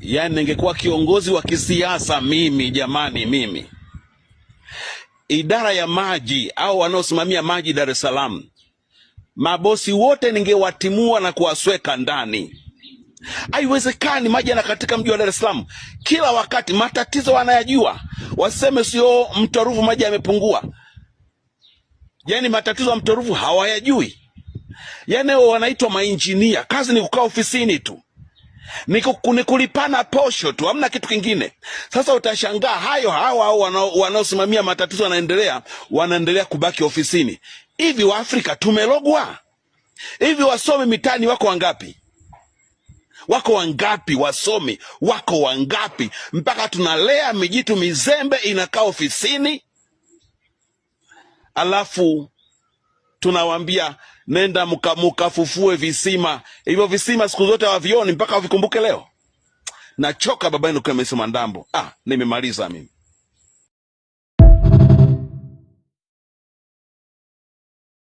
yani ningekuwa kiongozi wa kisiasa mimi, jamani, mimi idara ya maji au wanaosimamia maji Dar es Salaam, mabosi wote ningewatimua na kuwasweka ndani. Haiwezekani, maji yanakatika mji wa Dar es Salaam kila wakati, matatizo wanayajua, waseme sio Mto Ruvu maji yamepungua. Yani matatizo ya Mto Ruvu hawayajui, yani wanaitwa mainjinia, kazi ni kukaa ofisini tu ni kulipana posho tu, hamna kitu kingine. Sasa utashangaa hayo hao hao wanaosimamia matatizo wanaendelea wanaendelea kubaki ofisini. Hivi Waafrika tumelogwa? Hivi wasomi mitaani wako wangapi? Wako wangapi wasomi? Wako wangapi mpaka tunalea mijitu mizembe inakaa ofisini alafu tunawambia nenda mukafufue visima. Hivyo visima siku zote wavioni mpaka wavikumbuke leo. Nachoka baba yenu kwa Ah, nimemaliza mimi.